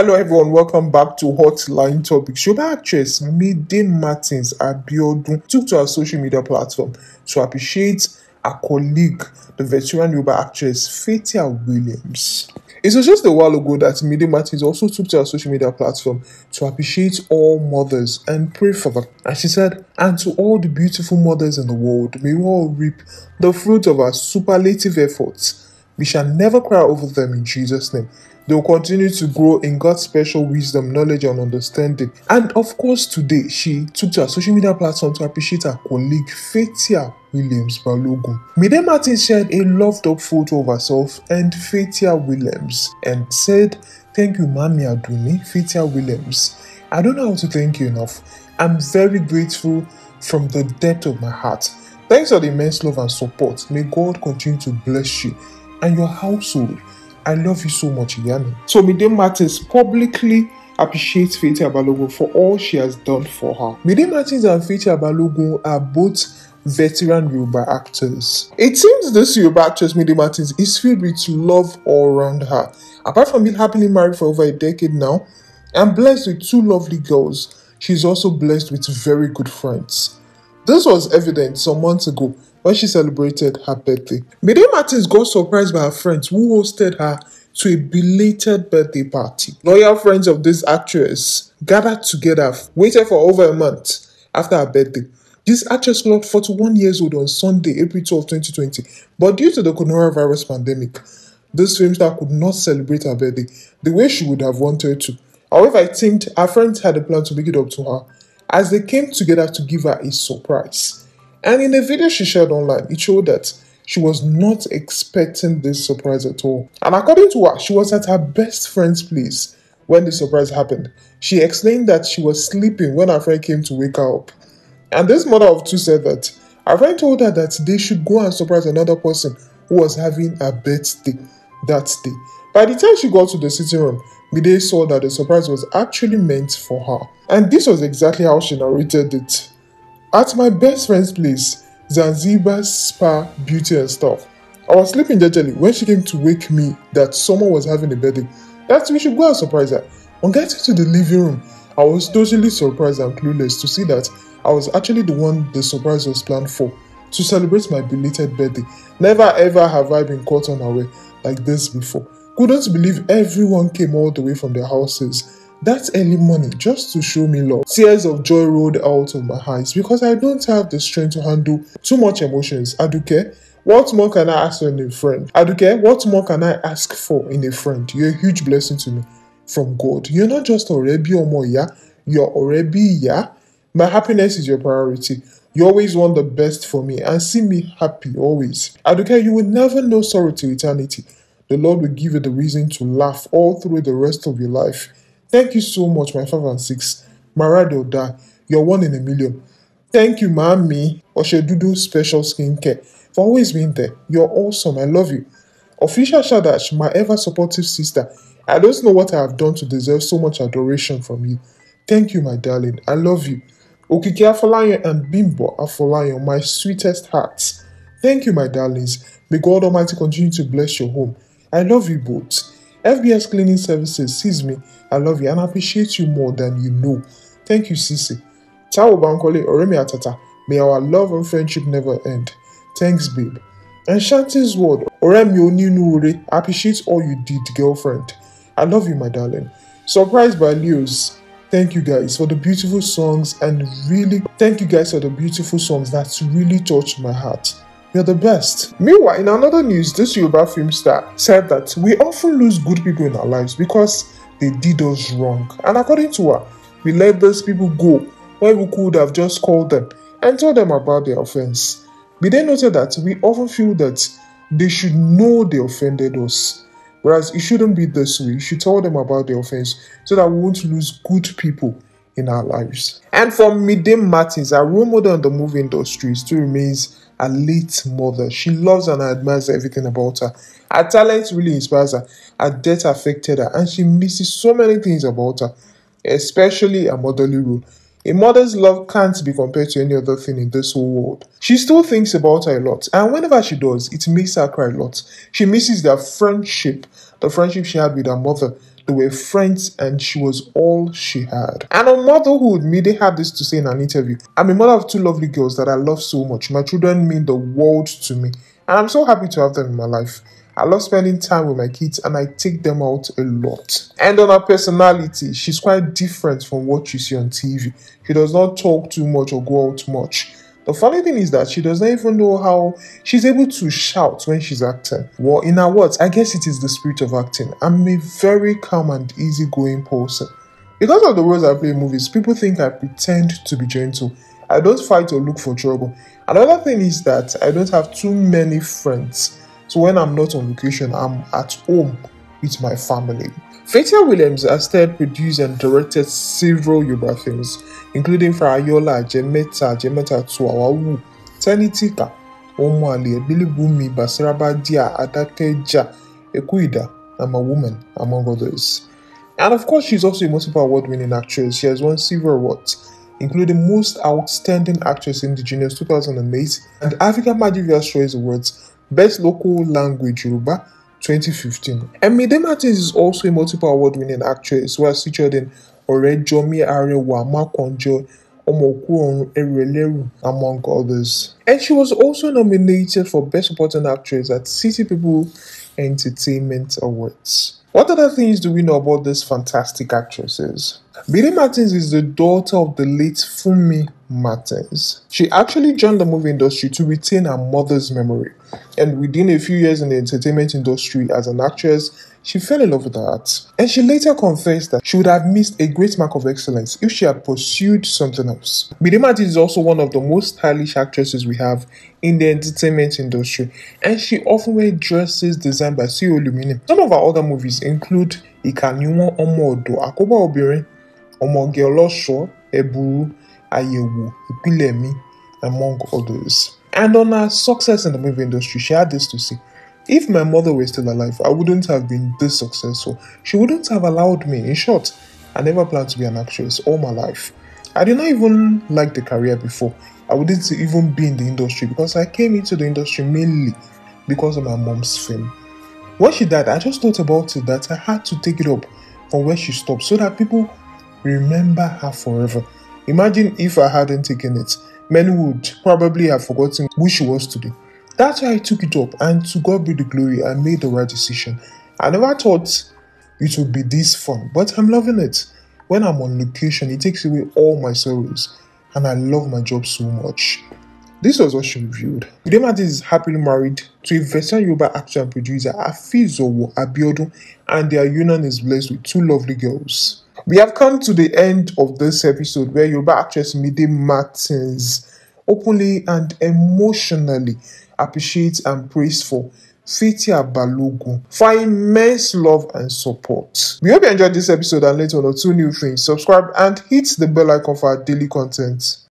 Hello, everyone. Welcome back to Hotline Topics. Yoruba actress Mide Martins Abiodun took to her social media platform to appreciate her colleague, the veteran Yoruba actress Fatia Williams. It was just a while ago that Mide Martins also took to her social media platform to appreciate all mothers and pray for them. And she said, And to all the beautiful mothers in the world, may we all reap the fruit of our superlative efforts. We shall never cry over them in Jesus' name. They will continue to grow in God's special wisdom, knowledge, and understanding. And of course, today she took to her social media platform to appreciate her colleague Fetia Williams Balogun. Mide Martin shared a loved up photo of herself and Fetia Williams and said, Thank you, Mami Aduni, Fetia Williams. I don't know how to thank you enough. I'm very grateful from the depth of my heart. Thanks for the immense love and support. May God continue to bless you and your household I love you so much, Iyani. So Mide Martins publicly appreciates Fiti Abalogo for all she has done for her. Mide Martins and Fiti Abalogo are both veteran Yoruba actors. It seems this Yoruba actress Mide Martins is filled with love all around her. Apart from being happily married for over a decade now and blessed with two lovely girls, she's also blessed with very good friends. This was evident some months ago when she celebrated her birthday. Mary Martins got surprised by her friends who hosted her to a belated birthday party. Loyal friends of this actress gathered together, waited for over a month after her birthday. This actress clocked 41 years old on Sunday, April 12, 2020, but due to the coronavirus pandemic, this film star could not celebrate her birthday the way she would have wanted to. However, it seemed her friends had a plan to make it up to her as they came together to give her a surprise. And in a video she shared online, it showed that she was not expecting this surprise at all. And according to her, she was at her best friend's place when the surprise happened. She explained that she was sleeping when her friend came to wake her up. And this mother of two said that her friend told her that they should go and surprise another person who was having a birthday that day. By the time she got to the sitting room, Mide saw that the surprise was actually meant for her. And this was exactly how she narrated it at my best friend's place, Zanzibar Spa Beauty and stuff. I was sleeping gently when she came to wake me that someone was having a birthday. That we should go and surprise her. On getting to the living room, I was totally surprised and clueless to see that I was actually the one the surprise was planned for to celebrate my belated birthday. Never ever have I been caught unaware like this before. Couldn't believe everyone came all the way from their houses that early morning just to show me love. Tears of joy rolled out of my eyes because I don't have the strength to handle too much emotions. Aduke, what more can I ask in a friend? Aduke, what more can I ask for in a friend? You're a huge blessing to me from God. You're not just Orebi Omoya, you're Orebi Ya. My happiness is your priority. You always want the best for me and see me happy always. Aduke, you will never know sorrow to eternity. The Lord will give you the reason to laugh all through the rest of your life. Thank you so much, my five and six. Marado Da, you're one in a million. Thank you, Mami Oshedudu Special Skincare, for always being there. You're awesome. I love you. Official Shadash, my ever supportive sister. I don't know what I have done to deserve so much adoration from you. Thank you, my darling. I love you. Okiki Afolayan and Bimbo Afolayan, my sweetest hearts. Thank you, my darlings. May God Almighty continue to bless your home. I love you both. FBS Cleaning Services sees me, I love you, and appreciate you more than you know. Thank you, Sisi. Tao Bankole Oremi Atata, may our love and friendship never end. Thanks, babe. Shanti's word, Oremi I appreciate all you did, girlfriend. I love you, my darling. Surprised by Leo's. Thank you guys for the beautiful songs and really thank you guys for the beautiful songs that really touched my heart. You're the best. Meanwhile, in another news, this Yoruba film star said that we often lose good people in our lives because they did us wrong. And according to her, we let those people go when we could have just called them and told them about their offense. We then noted that we often feel that they should know they offended us. Whereas it shouldn't be this way. You should tell them about the offense so that we won't lose good people in our lives. And for Midem Martins, our role model in the movie industry still remains a late mother. She loves and admires everything about her. Her talent really inspires her. Her death affected her, and she misses so many things about her, especially her motherly role. A mother's love can't be compared to any other thing in this whole world. She still thinks about her a lot, and whenever she does, it makes her cry a lot. She misses their friendship, the friendship she had with her mother, they were friends and she was all she had. And on motherhood, Mide had this to say in an interview I'm a mother of two lovely girls that I love so much. My children mean the world to me. And I'm so happy to have them in my life. I love spending time with my kids and I take them out a lot. And on her personality, she's quite different from what you see on TV. She does not talk too much or go out much. The funny thing is that she does not even know how she's able to shout when she's acting. Well, in her words, I guess it is the spirit of acting. I'm a very calm and easygoing person. Because of the roles I play in movies, people think I pretend to be gentle. I don't fight or look for trouble. Another thing is that I don't have too many friends. So when I'm not on location, I'm at home with my family. Fatia Williams has starred, produced, and directed several Yoruba films, including Farayola, Jemeta, Jemeta Tuawawu, Tenitika, Omo Ali, Bilibumi, Basirabadia, Adakeja, Ekuida, I'm a Woman, among others. And of course, she's also a multiple award winning actress. She has won several awards, including Most Outstanding Actress in the Genius 2008 and Africa Magic Choice Awards, Best Local Language Yoruba, 2015. Emide Martins is also a multiple award winning actress who has featured in Orejomi Arewa, Makonjo, Omokuon *Erele*, among others. And she was also nominated for Best Supporting Actress at City People Entertainment Awards. What other things do we know about this fantastic actresses? Billy Martins is the daughter of the late Fumi Martins. She actually joined the movie industry to retain her mother's memory and within a few years in the entertainment industry as an actress, she fell in love with art. And she later confessed that she would have missed a great mark of excellence if she had pursued something else. Midimati is also one of the most stylish actresses we have in the entertainment industry, and she often wears dresses designed by CEO Lumine. Some of her other movies include Ikanyumo Omodo, Akoba Obirin, Omoge Olosho, Eburu, Ayewu, Ipilemi, among others. And on her success in the movie industry, she had this to say If my mother were still alive, I wouldn't have been this successful. She wouldn't have allowed me. In short, I never planned to be an actress all my life. I did not even like the career before. I wouldn't even be in the industry because I came into the industry mainly because of my mom's fame. When she died, I just thought about it that I had to take it up from where she stopped so that people remember her forever. Imagine if I hadn't taken it men would probably have forgotten who she was today. That's why I took it up, and to God be the glory, I made the right decision. I never thought it would be this fun, but I'm loving it. When I'm on location, it takes away all my sorrows, and I love my job so much. This was what she revealed. Udemati is happily married to a veteran Yoruba actor and producer Afizowo Abiodun, and their union is blessed with two lovely girls. We have come to the end of this episode where Yoruba actress Mide Martins openly and emotionally appreciates and prays for Fiti Balogun for immense love and support. We hope you enjoyed this episode and learned one or two new things. Subscribe and hit the bell icon for our daily content.